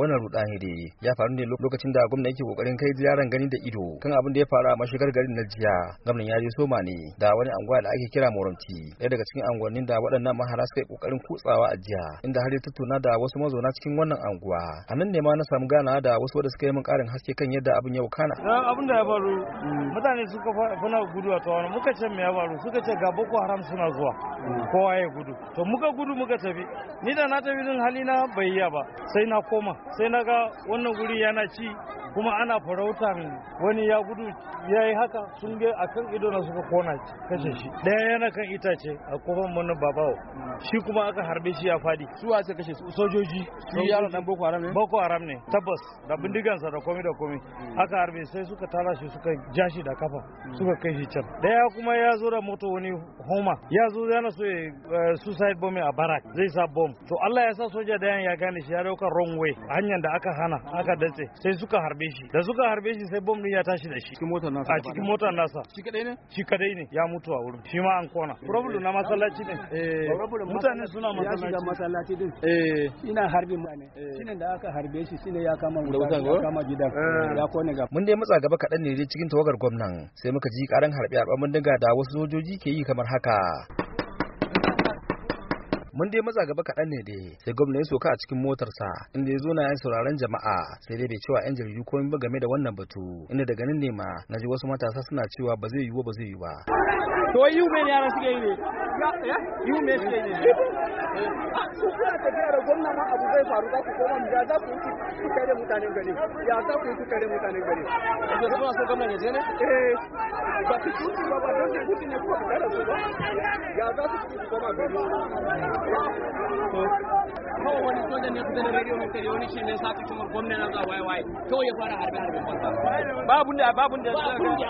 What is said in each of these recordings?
wannan rudani da ya faru ne lokacin da gwamnati yake kokarin kai ziyaran gani da ido kan abin da ya faru a mashigar garin na jiya gwamnan ya je soma ne da wani anguwa da ake kira moranti ɗaya daga cikin anguwannin da waɗannan mahara suka yi kokarin kutsawa a jiya inda har ya tattauna da wasu mazauna cikin wannan anguwa a nan ne ma na samu gana da wasu wanda suka yi min ƙarin haske kan yadda abin ya wakana abin da ya faru mutane suka fana gudu a tawana muka ce me ya faru suka ce ga boko haram suna zuwa kowa ya gudu to muka gudu muka tafi ni da na tafi din halina bai iya ba sai na koma sai na ga wannan guri yana ci kuma ana farautan wani ya gudu ya yi haka sun ga a kan ido na suka kona kashe shi mm. ɗaya yana kan itace a kofar mana babawo mm. shi kuma aka harbe shi ya fadi su a ce kashe sojoji su yaro dan boko haram ne boko haram ne tabbas da mm. bindigansa da komi. da komi aka harbe sai suka tara shi suka ja shi da kafa suka kai shi can ɗaya kuma ya zo da moto wani homa ya zo yana so eh, suicide bombing a barak zai sa bomb to Allah ya sa soja dayan ya gane shi ya dauka wrong way hanyar da aka hana aka dace sai suka harbe harbe shi da suka harbe shi sai bom din ya tashi da shi cikin motar nasa a cikin motar nasa shi kadai ne shi kadai ne ya mutu a wurin shi ma an kona eh. problem na masallaci ne eh mutane suna masallaci ya shiga masallaci din eh ina harbe mutane eh. shine da aka harbe shi shine ya kama wuta ya kama gidan eh. ya kone ga mun dai matsa gaba kadan ne cikin tawagar gwamnan sai muka ji karan harbe harben daga da wasu sojoji ke yi kamar haka mun dai matsa gaba kaɗan ne dai sai gwamna ya soka a cikin motarsa inda ya zo na yan sauraron jama'a sai dai bai cewa yan jaridu komai ba game da wannan batu inda daga nan ne ma na ji wasu matasa suna cewa ba zai yi ba zai yi ba. to yi mai yara suke yi ne eh? yi mai suke yi ne. su kuna tafiya da gwamna ma abu zai faru za ku koma ya za ku yi da mutanen gari ya za ku yi da mutanen gari. yanzu suna so gwamna ya je ne? Eh, ba su ba ba don su ne ko su kare su ba. kawai wani sojan ne kusa da rediyo mai wani shi ne sa ka kamar gwamna na zuwa waye kawai ya fara harbe harbe babun da babun da ya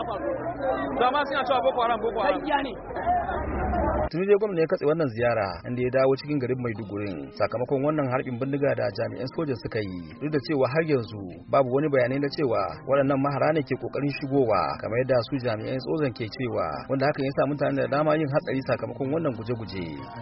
faru zama suna cewa boko haram boko haram tuni dai gwamnati ya katse wannan ziyara inda ya dawo cikin garin maiduguri sakamakon wannan harbin bindiga da jami'an soja suka yi duk da cewa har yanzu babu wani bayanai na cewa waɗannan mahara ne ke kokarin shigowa kamar yadda su jami'an sojan ke cewa wanda hakan ya sa mutane da dama yin hatsari sakamakon wannan guje-guje